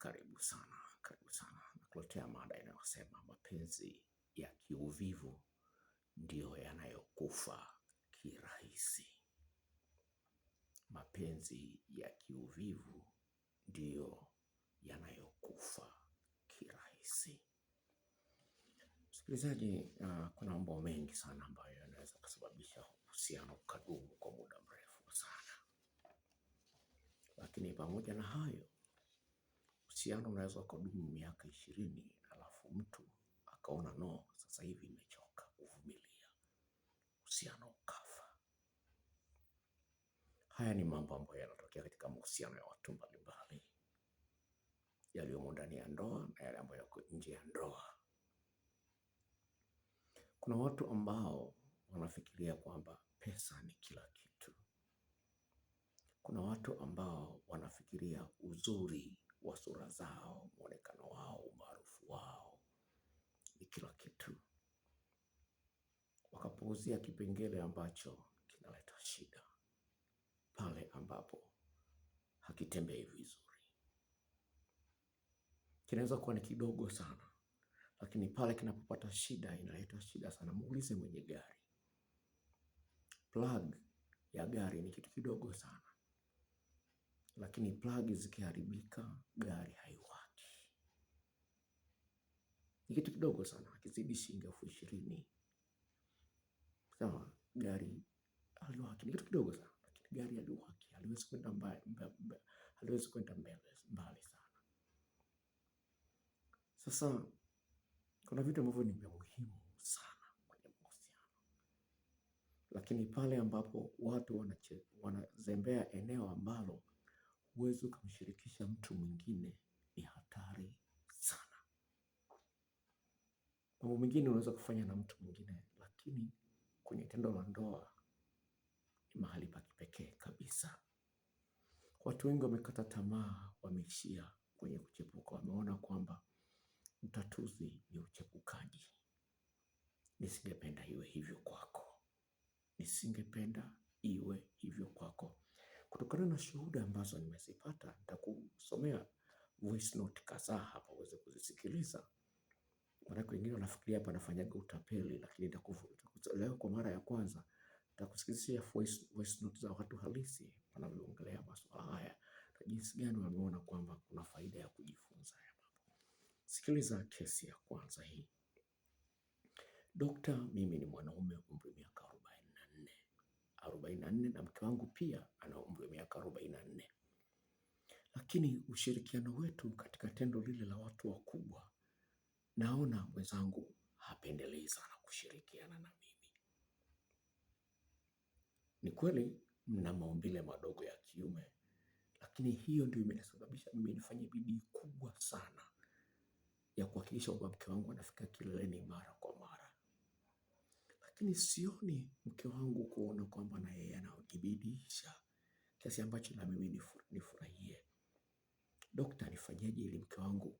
Karibu sana, karibu sana. Nakuletea mada inayosema mapenzi ya kiuvivu ndiyo yanayokufa kirahisi. Mapenzi ya kiuvivu ndiyo yanayokufa kirahisi. Msikilizaji, uh, kuna mambo mengi sana ambayo yanaweza kusababisha uhusiano ukadumu kwa muda mrefu sana, lakini pamoja na hayo uhusiano unaweza kudumu miaka ishirini alafu mtu akaona no, sasa hivi nimechoka kuvumilia, uhusiano ukafa. Haya ni mambo ambayo yanatokea katika mahusiano ya watu mbalimbali, yaliyomo ndani ya ndoa na yale ambayo yako nje ya ndoa. Kuna watu ambao wanafikiria kwamba pesa ni kila kitu. Kuna watu ambao wanafikiria uzuri wa sura zao, mwonekano wao, umaarufu wao, ni kila kitu. Wakapuuzia kipengele ambacho kinaleta shida, pale ambapo hakitembei vizuri. Kinaweza kuwa ni kidogo sana, lakini pale kinapopata shida, inaleta shida sana. Muulize mwenye gari, plug ya gari ni kitu kidogo sana lakini plagi zikiharibika gari haiwaki. Ni kitu kidogo sana, akizidi shilingi elfu ishirini sawa, gari haliwaki. Ni kitu kidogo sana, lakini gari haliwaki, haliwezi kwenda mbali, haliwezi kwenda mbele mbali sana. Sasa kuna vitu ambavyo ni vya muhimu sana kwenye mahusiano, lakini pale ambapo watu wanazembea eneo ambalo uweze kumshirikisha mtu mwingine ni hatari sana. Mambo mengine unaweza kufanya na mtu mwingine, lakini kwenye tendo la ndoa ni mahali pa kipekee kabisa. Watu wengi wamekata tamaa, wameishia kwenye kuchepuka, wameona kwamba utatuzi ni uchepukaji. Nisingependa iwe hivyo kwako, nisingependa iwe hivyo kwako. Kutokana na shuhuda ambazo nimezipata, nitakusomea voice note kadhaa hapa uweze kuzisikiliza. Maanake wengine wanafikiria hapa nafanyaga utapeli, lakini leo kwa mara ya kwanza nitakusikilizia voice, voice note za watu halisi wanavyoongelea masuala haya na jinsi gani wameona kwamba kuna faida ya kujifunza Sikiliza kesi ya kwanza hii. Dokta, mimi ni mwanaume umri miaka arobaini na nne na mke wangu pia ana umri wa miaka arobaini Lakini ushirikiano wetu katika tendo lile la watu wakubwa, naona mwenzangu hapendelei sana kushirikiana na mimi. Ni kweli mna maumbile madogo ya kiume, lakini hiyo ndio imenisababisha mimi nifanye bidii kubwa sana ya kuhakikisha kwamba mke wangu anafika kileleni mara kwa mara lakini sioni mke wangu kuona kwamba na yeye anajibidisha kiasi ambacho na mimi nifurahie. Dokta, nifanyeje ili mke wangu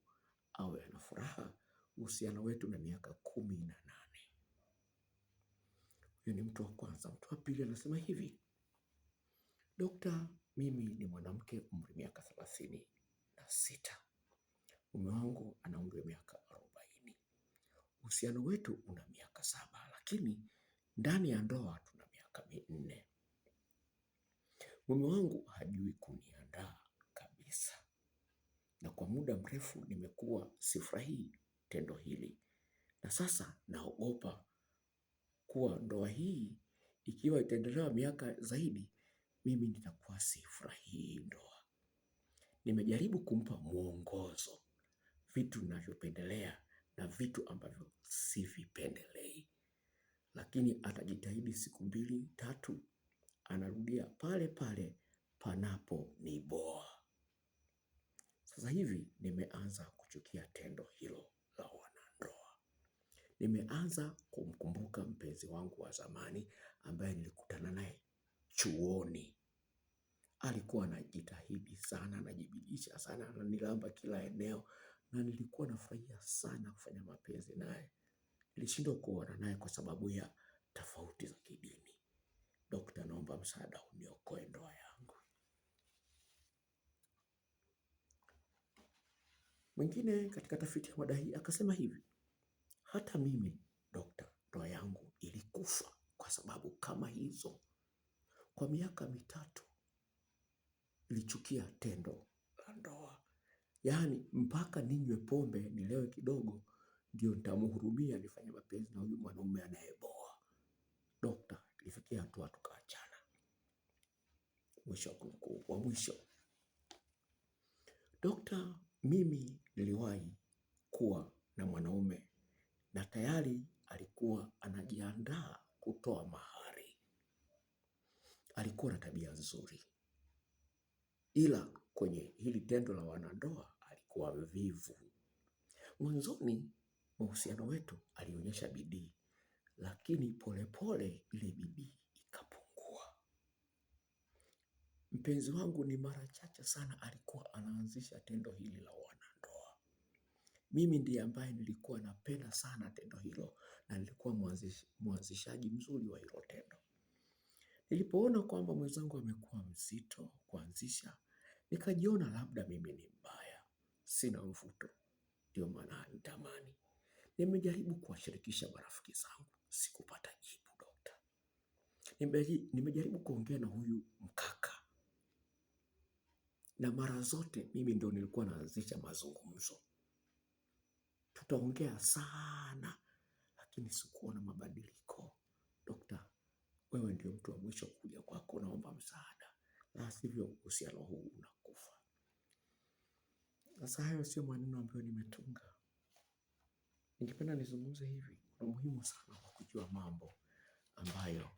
awe ana furaha? Uhusiano wetu na miaka kumi na nane. huyu ni mtu wa kwanza. Mtu wa pili anasema hivi, Dokta, mimi ni mwanamke umri miaka thelathini na sita, mume wangu ana umri wa miaka arobaini, uhusiano wetu una miaka saba lakini ndani ya ndoa tuna miaka minne. Mume wangu hajui kuniandaa kabisa, na kwa muda mrefu nimekuwa sifurahii tendo hili, na sasa naogopa kuwa ndoa hii ikiwa itaendelea miaka zaidi, mimi nitakuwa sifurahii ndoa. Nimejaribu kumpa mwongozo, vitu ninavyopendelea na vitu ambavyo sivipendelei, lakini atajitahidi siku mbili tatu, anarudia pale pale panapo ni boa Sasa hivi nimeanza kuchukia tendo hilo la wanandoa. Nimeanza kumkumbuka mpenzi wangu wa zamani ambaye nilikutana naye chuoni. Alikuwa anajitahidi sana, anajibidisha sana, ananilamba kila eneo, na nilikuwa nafurahia sana kufanya mapenzi naye, nilishindwa kuona naye kwa sababu ya tofauti za kidini. Dokta, naomba msaada uniokoe ndoa yangu. Mwingine katika tafiti ya mada hii akasema hivi, hata mimi dokta, ndoa yangu ilikufa kwa sababu kama hizo. Kwa miaka mitatu nilichukia tendo la ndoa, yaani mpaka ninywe pombe nilewe kidogo ndio nitamhurumia, nifanye mapenzi na huyu mwanaume anayeboa. Dokta, ilifikia hatua tukaachana. Mwisho wa mwisho. Dokta, mimi niliwahi kuwa na mwanaume na tayari alikuwa anajiandaa kutoa mahari. Alikuwa na tabia nzuri, ila kwenye hili tendo la wanandoa alikuwa mvivu. Mwanzoni uhusiano wetu alionyesha bidii, lakini polepole ile bidii ikapungua. Mpenzi wangu ni mara chache sana alikuwa anaanzisha tendo hili la wanandoa. Mimi ndiye ambaye nilikuwa napenda sana tendo hilo na nilikuwa mwanzishaji mzuri wa hilo tendo. Nilipoona kwamba mwenzangu amekuwa mzito kuanzisha, nikajiona labda mimi ni mbaya, sina mvuto, ndio maana nitamani Nimejaribu kuwashirikisha marafiki zangu, sikupata jibu dokta. Nimejaribu kuongea na huyu mkaka, na mara zote mimi ndio nilikuwa naanzisha mazungumzo, tutaongea sana, lakini sikuona mabadiliko. Dokta, wewe ndio mtu wa mwisho kuja kwako, naomba msaada, na sivyo uhusiano huu unakufa. Sasa hayo sio maneno ambayo nimetunga Ningependa nizungumze hivi, ni muhimu sana kwa kujua mambo ambayo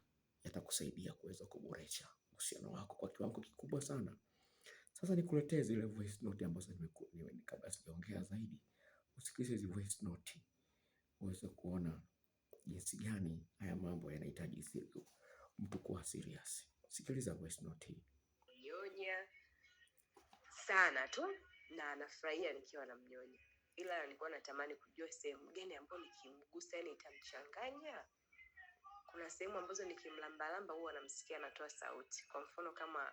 yatakusaidia kuweza kuboresha uhusiano wako kwa kiwango kikubwa sana. Sasa nikuletee zile voice note ambazo kabla sijaongea zaidi, usikize zile voice note uweze kuona jinsi gani haya mambo yanahitaji mtu kuwa serious. Sikiliza voice note hii. Mnyonya sana tu na anafurahia nikiwa namnyonya ila nilikuwa natamani kujua sehemu gani ambayo nikimgusa yani itamchanganya. Kuna sehemu ambazo nikimlambalamba huwa anamsikia anatoa sauti, kwa mfano kama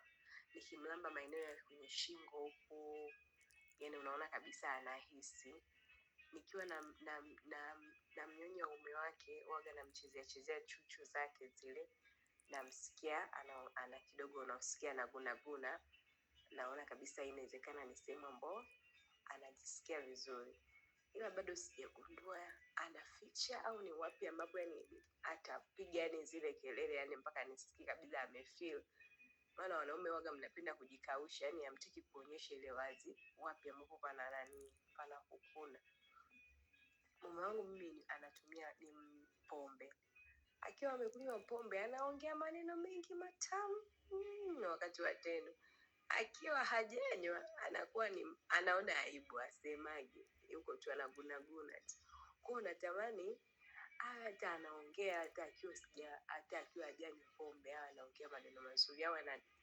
nikimlamba maeneo ya kwenye shingo huku, yani unaona kabisa anahisi. Nikiwa na na, na, na mnyonya ume wake waga namchezea chezea chuchu zake zile, namsikia ana, ana kidogo, unasikia anagunaguna, naona kabisa inawezekana ni sehemu ambayo anajisikia vizuri ila bado sijagundua anaficha au ni wapi ambapo yani atapiga yani zile kelele yani mpaka nisikie kabisa amefeel maana wanaume waga mnapenda kujikausha yani amtiki kuonyesha ile wazi wapi ambapo pana nani pana kukuna mume wangu mimi anatumia ni pombe akiwa amekunywa pombe anaongea maneno mengi matamu mm, na wakati wa tendo akiwa hajanywa anakuwa ni anaona aibu, asemaje, yuko tu anagunaguna tu. Kwa unatamani hata anaongea hata akiwa sija hata akiwa hajanywa pombe, au anaongea maneno mazuri, au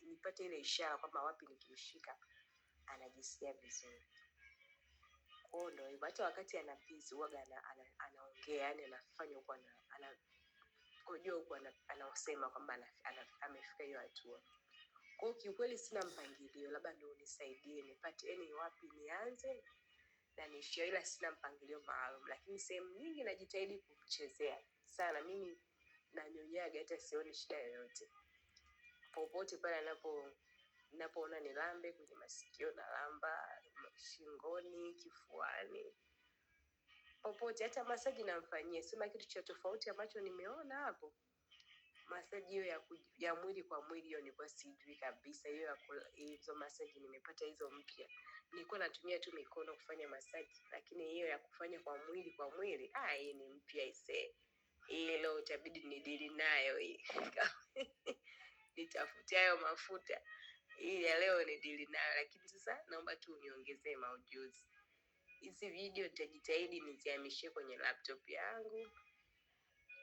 nipate ile ishara kwamba wapi nikimshika anajisikia vizuri. Kwao ndo hata wakati anapizi huwaga ana, ana, anaongea yani anafanya huko ana, ana kujua huko anasema kwamba amefika hiyo hatua. Kwa hiyo kiukweli sina mpangilio, labda ndio unisaidie nipate yani wapi nianze na niishie, ila sina mpangilio maalum, lakini sehemu nyingi najitahidi kuchezea sana. Mimi nanyonyaga, hata sioni shida yoyote popote pale anapo napoona lambe kwenye masikio na lamba shingoni, kifuani, popote. Hata masaji namfanyia, sema kitu cha tofauti ambacho nimeona hapo masaji hiyo ya, ya mwili kwa mwili hiyo nilikuwa sijui kabisa hiyo hizo masaji nimepata hizo mpya. Nilikuwa natumia tu mikono kufanya masaji, lakini hiyo ya kufanya kwa mwili kwa mwili, ah, hii ni mpya isee. leo itabidi nidili nayo hii hayo mafuta hii ya leo nidili nayo, lakini sasa naomba tu uniongezee maujuzi. Hizi video nitajitahidi nizihamishie kwenye laptop yangu.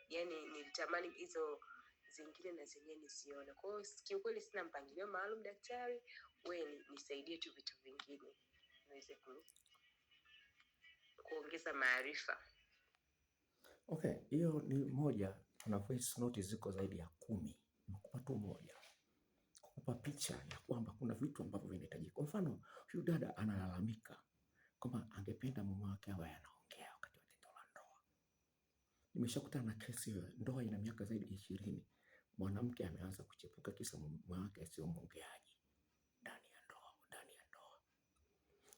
Yani nilitamani hizo zingine na zenyewe nizione. Kwa hiyo kiukweli sina mpangilio maalum daktari, we nisaidie tu vitu vingine niweze kuongeza maarifa. Okay, hiyo ni moja. Kuna voice note ziko zaidi ya kumi, nakupa tu moja kupa picha ya kwamba kuna vitu ambavyo vinahitajika. Kwa mfano, huyu dada analalamika kwamba angependa mume wake awe anaongea wakati wa tendo la ndoa. Nimeshakutana na kesi hiyo, ndoa ina miaka zaidi ya ishirini mwanamke ameanza kuchepuka kisa mume wake sio mwongeaji ndani ya ndoa, ndani ya ndoa.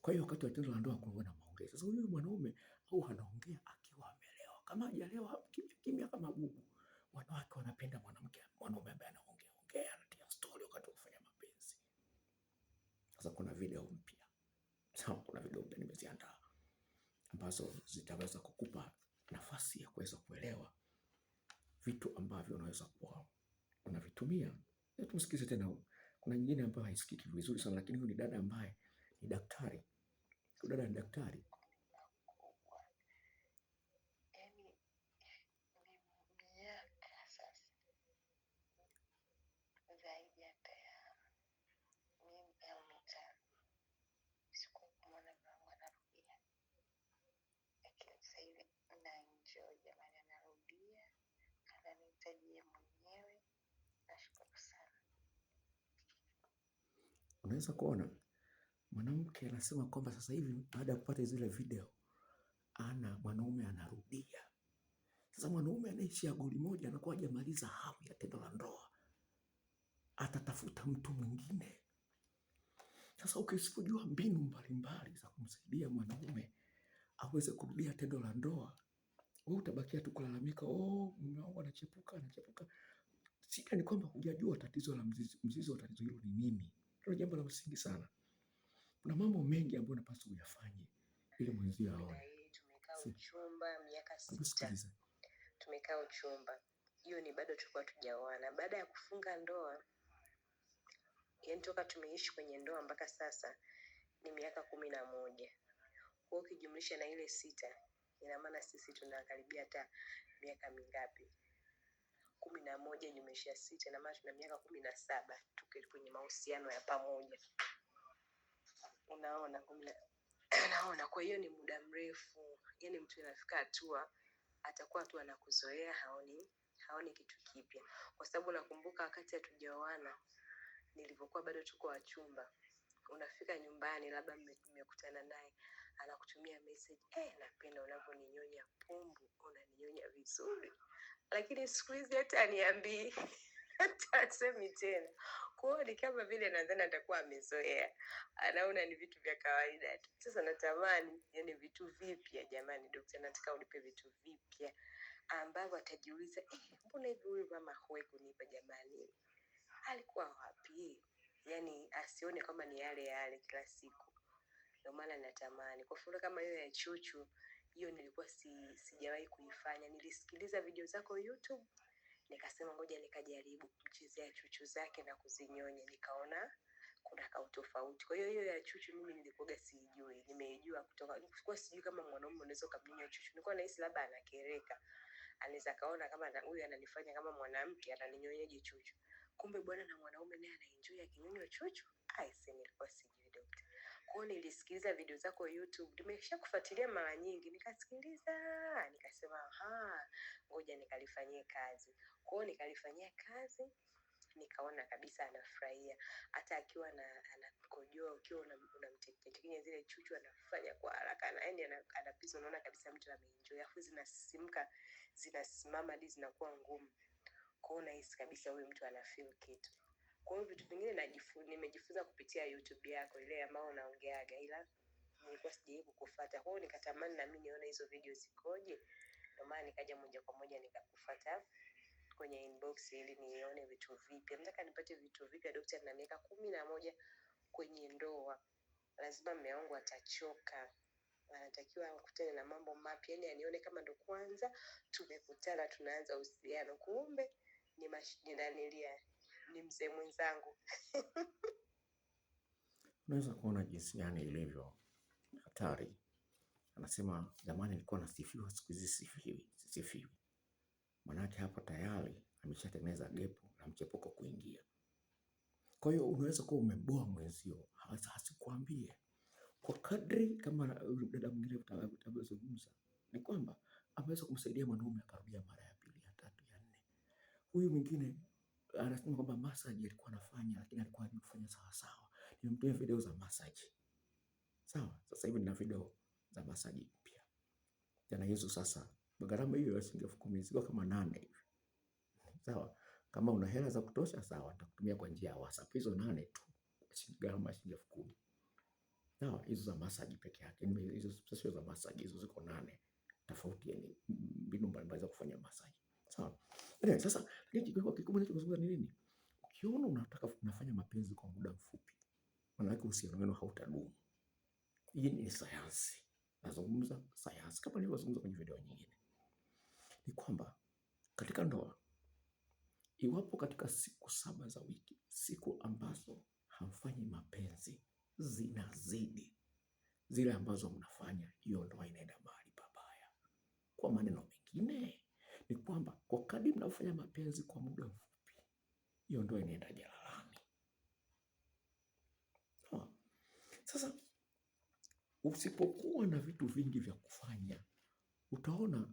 Kwa hiyo wakati wa tendo la ndoa kuna maongezi. Sasa huyu mwanaume au anaongea akiwa amelewa, kama hajalewa kimya kimya kama bubu. Wanawake wanapenda mwanamke mwanaume ambaye anaongea ongea, anatia story wakati wa kufanya mapenzi. Sasa kuna video mpya, sawa, kuna video mpya nimeziandaa ambazo zitaweza kukupa nafasi ya kuweza kuelewa vitu ambavyo unaweza kuwa unavitumia. Tumsikize tena, kuna nyingine ambayo haisikiki vizuri sana, lakini huyu ni dada ambaye ni daktari. Huyu dada ni daktari Unaweza kuona mwanamke anasema kwamba sasa hivi baada ya kupata zile video ana mwanaume anarudia. Sasa mwanaume anaishi ya goli moja anakuwa hajamaliza hamu ya tendo la ndoa, atatafuta mtu mwingine. Sasa ukisipojua mbinu mbalimbali za kumsaidia mwanaume aweze kurudia tendo la ndoa, wewe utabakia tu kulalamika, oh, mume wangu anachepuka, anachepuka. Shida ni kwamba hujajua tatizo la mzizi, mzizi wa tatizo hilo ni nini. Ndio jambo la msingi sana. Kuna mambo mengi ambayo unapaswa uyafanye ili mwenzio aone. Uchumba miaka sita tumekaa uchumba, hiyo ni bado tulikuwa tujaoana. Baada ya kufunga ndoa, yani toka tumeishi kwenye ndoa mpaka sasa ni miaka kumi na moja. Kwa ukijumlisha na ile sita, ina maana sisi tunakaribia hata miaka mingapi? kumi na moja jumlisha sita na maana tuna miaka kumi na saba tuko kwenye mahusiano ya pamoja. Unaona, naona Kwa hiyo ni muda mrefu, yani mtu anafika hatua atakuwa tu anakuzoea, haoni haoni kitu kipya, kwa sababu nakumbuka wakati hatujaoana nilivyokuwa bado tuko wachumba, unafika nyumbani, labda mmekutana naye, anakutumia message eh, napenda unavyoninyonya pumbu, unaninyonya vizuri lakini siku hizi hata aniambii hata asemi tena. kwao, ni kama vile nadhani atakuwa amezoea, anaona ni vitu vya kawaida tu. Sasa natamani yani vitu vipya jamani, dokta, nataka unipe vitu vipya ambavyo atajiuliza eh, mbona hivi huyu mama huwe kunipa jamani, alikuwa wapi? Yani asione kama ni yale yale kila siku. Ndio maana natamani kwa furaha kama hiyo ya Chuchu hiyo nilikuwa si, sijawahi kuifanya. Nilisikiliza video zako YouTube nikasema ngoja nikajaribu kumchezea chuchu zake na kuzinyonya, nikaona kuna kautofauti. Kwa hiyo hiyo ya chuchu mimi nilikuwaga sijui, nimejua kutoka kwa, sijui kama mwanaume unaweza ukamnyonya chuchu. Nilikuwa nahisi labda anakereka, anaweza kaona kama huyu ananifanya kama mwanamke, ananinyonyaje chuchu? Kumbe bwana na mwanaume naye anaenjoy akinyonywa chuchu. Aise, nilikuwa sijui kwao nilisikiliza video zako YouTube, nimesha kufuatilia mara nyingi, nikasikiliza nikasema, aha, ngoja nikalifanyie kazi. Kwao nikalifanyia kazi nikaona kabisa anafurahia, hata akiwa anakojoa, ukiwa unamtekenya zile chuchu anafanya kwa haraka, na yani anapiza, unaona kabisa mtu ameenjoy, afu zinasisimka zinasimama hadi zinakuwa ngumu. Kwao unahisi kabisa huyu mtu anafeel kitu. Kwa hiyo vitu vingine nimejifunza kupitia YouTube yako ile ambayo unaongeaga, ila nilikuwa sijaribu kufuata. Kwa hiyo nikatamani nami nione hizo video zikoje, ndio maana nikaja moja kwa moja nikakufuata kwenye inbox ili nione vitu vipya. Nataka nipate vitu vipya Daktari, na miaka kumi na moja kwenye ndoa, lazima mme wangu atachoka anatakiwa akutane na mambo mapya, yani anione kama ndo kwanza tumekutana tunaanza uhusiano, kumbe ni mashindanilia ni mzee mwenzangu. Unaweza kuona jinsi gani ilivyo hatari. Anasema zamani nilikuwa nasifiwa, siku hizi sifiwi, sifiwi. Manake hapo tayari ameshatengeneza gepu na mchepuko kuingia. Kwa hiyo unaweza kuwa umeboa mwenzio, asikuambie kwa kadri kama dada mwingine utavyozungumza, ni kwamba ameweza kumsaidia mwanaume akarudia mara ya pili, ya tatu, ya nne. Huyu mwingine anasema kwamba massage alikuwa anafanya lakini alikuwa anafanya kufanya sawa sawa. Nimemtumia video za massage. Sawa? Sasa hivi nina video za massage mpya. Tena hizo. sasa gharama hiyo ya shilingi elfu kumi ziko kama nane hivi. Sawa? Kama una hela za kutosha sawa, nitakutumia kwa njia ya WhatsApp hizo nane tu. Gharama shilingi elfu kumi. Sawa, hizo za massage peke yake. Hizo sio za massage, hizo ziko nane. Tofauti yani mbinu mbalimbali za kufanya massage. Sawa? Anyway, eh, sasa kikubwa ninachozungumza ni nini? Ukiona unataka unafanya mapenzi kwa muda mfupi, maana yake uhusiano wenu hautadumu. Hii ni sayansi, nazungumza sayansi kama nilivyozungumza kwenye video nyingine, ni kwamba katika ndoa, iwapo katika siku saba za wiki, siku ambazo hamfanyi mapenzi zinazidi zile ambazo mnafanya, hiyo ndoa inaenda mahali pabaya. Kwa maneno mengine ni kwamba kwa kadri mnafanya mapenzi kwa muda mfupi, hiyo ndoa inaenda jalalani. Sasa usipokuwa na vitu vingi vya kufanya, utaona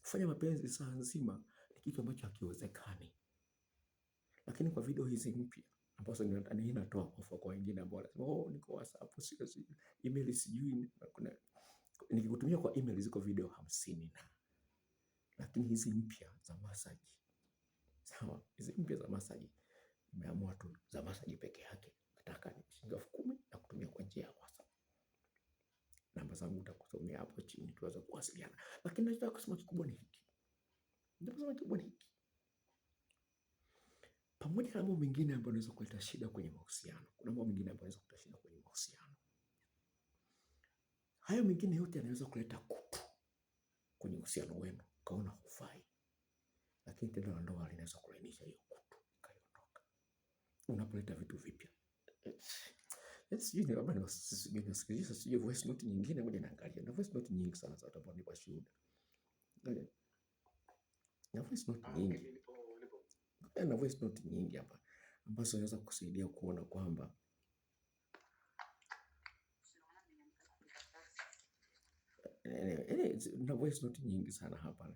kufanya mapenzi saa nzima ni kitu ambacho hakiwezekani. Lakini kwa video hizi mpya ambazo inatoa hofu kwa wengine ambao wanasema oh, niko WhatsApp sio, email sijui, nikikutumia kwa email ziko video hamsini na lakini hizi mpya za masaji sawa, hizi mpya za masaji nimeamua tu za masaji peke yake. Nataka ni shilingi elfu kumi na kutumia kwa njia ya WhatsApp. Namba zangu utakusomea hapo chini tuweze kuwasiliana, lakini nataka kusema kikubwa ni hiki, nataka kikubwa ni hiki, pamoja na mambo mengine ambayo yanaweza kuleta shida kwenye mahusiano, kuna mambo mengine ambayo yanaweza kuleta shida kwenye mahusiano. Hayo mengine yote yanaweza kuleta kutu kwenye uhusiano wenu ukaona hufai, lakini tendo la ndoa linaweza kulainisha hiyo kutu ikaondoka. Unapoleta vitu vipya eh, nyingine, ngoja naangalia na voice note nyingi sana za watu ambao ni washuhuda na voice note ah, nyingi na voice note nyingi hapa ambazo zinaweza kusaidia kuona kwamba voice note nyingi sana hapa.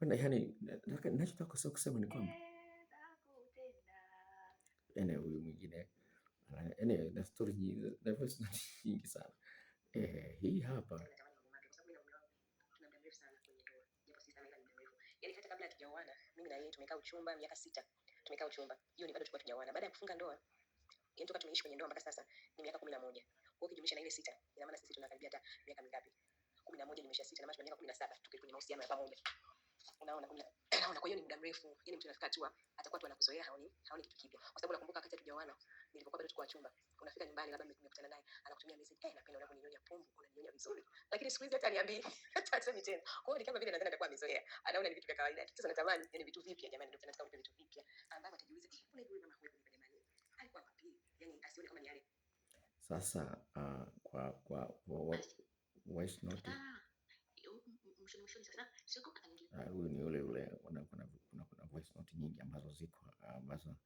Yani, nachotaka sio kusema ni kwamba huyu mwingine na story nyingi sana eh, hii hapa mimi na yeye tumekaa uchumba miaka sita, tumekaa uchumba hiyo ni bado tulikuwa tujaoana. Baada ya kufunga ndoa, yani toka tumeishi kwenye ndoa mpaka sasa ni miaka kumi na moja. Kwa hiyo kijumlisha na ile sita, ina maana sisi tunakaribia hata miaka mingapi? kumi na moja jumlisha sita na maana miaka kumi na saba tukiwa kwenye mahusiano ya pamoja. Unaona, unaona, kwa hiyo ni muda mrefu, yani mtu anafika tu atakuwa tu anakuzoea, haoni haoni kitu kipya, kwa sababu nakumbuka wakati hatujaoana, nilipokuwa bado tuko wachumba, unafika nyumbani, labda mmekutana naye, anakutumia message, eh, napenda unavyonyonya pombe, unanyonya vizuri, lakini siku hizi hata niambie, hata asemi tena. Kwa hiyo ni kama vile nadhani atakuwa amezoea, anaona ni vitu vya kawaida. Sasa natamani yani vitu vipya, jamani, ndio tunataka vitu vipya ambavyo atajiuliza, eh, kuna yule mama huyu jamani, alikuwa wapi? Yani asione kama ni yale. Sasa uh, kwa kwa, kwa, kwa Ah, ah, huyu ni yule yule. Kuna voice note nyingi ambazo ziko ambazo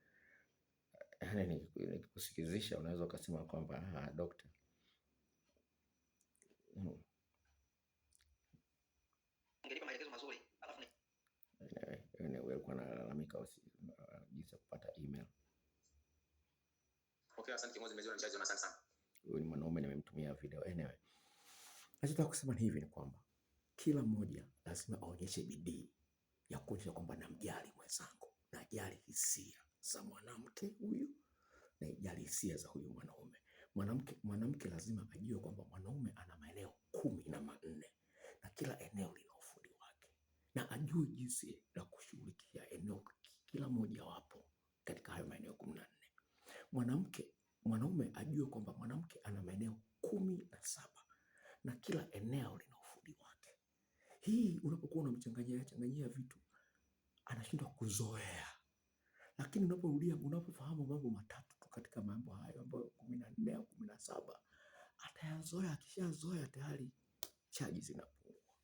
yani nikikusikizisha unaweza ukasema kwamba ah, dokta hmm. alikuwa analalamika jinsi ya kupata email. Huyu ni mwanaume nimemtumia video anyway. Nachotaka kusema hivi, ni kwamba kila mmoja lazima aonyeshe bidii ya kuonyesha kwamba namjali mwenzangu, najali hisia za mwanamke huyu, najali hisia za huyu mwanaume. Mwanamke mwanamke lazima ajue kwamba mwanaume ana maeneo kumi na manne na kila eneo lina ufundi wake, na ajue jinsi la kushughulikia eneo kila moja wapo katika hayo maeneo kumi na nne. Mwanamke mwanaume ajue kwamba mwanamke ana maeneo kumi na saba na kila eneo lina ufundi wake. Hii unapokuwa unamchanganyia changanyia vitu anashindwa kuzoea, lakini unaporudia, unapofahamu mambo matatu tu katika mambo hayo ambayo kumi na nne au kumi na saba atayazoea. Akishazoea tayari chaji zinapungua,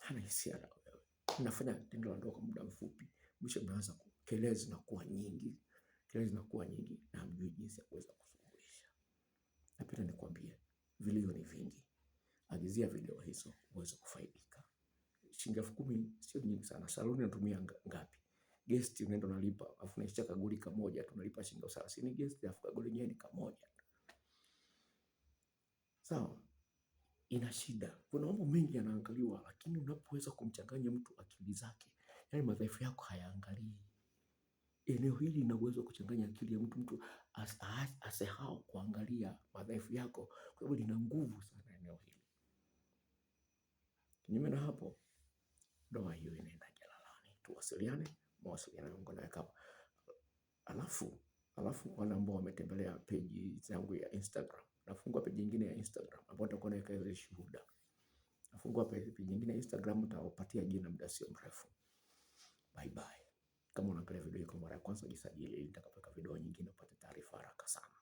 hana hisia na wewe. Unafanya tendo la ndoa kwa muda mfupi, mwisho mnaanza kelele zinakuwa nyingi, kelele zinakuwa nyingi na hamjui jinsi ya kuweza kusuluhisha. Napenda nikwambie, vilio ni vingi agizia video hizo uweze kufaidika. Shilingi elfu kumi sio nyingi sana. Saluni natumia ngapi? Guest unaenda unalipa, afu unaisha kaguli kamoja tunalipa shilingi thelathini guest, afu kaguli ni kamoja. Sawa, ina shida. Kuna mambo mengi yanaangaliwa, lakini unapoweza kumchanganya mtu akili zake, yani madhaifu yako hayaangalii. Eneo hili lina uwezo wa kuchanganya akili ya mtu, mtu asahau kuangalia madhaifu yako, kwa sababu lina nguvu sana eneo hili. Kinyume na hapo, doa hiyo inaenda jalalani. Tuwasiliane, mawasiliano yangu naweka hapo. Alafu, alafu wale ambao wametembelea peji zangu ya Instagram, nafungua peji nyingine ya Instagram ambapo nitakuwa naweka ile shuhuda. Nafungua peji nyingine ya Instagram nitawapatia jina muda sio mrefu. Bye bye. Kama unaangalia video hii kwa mara ya kwanza, jisajili ili nitakapoweka video nyingine upate taarifa haraka sana.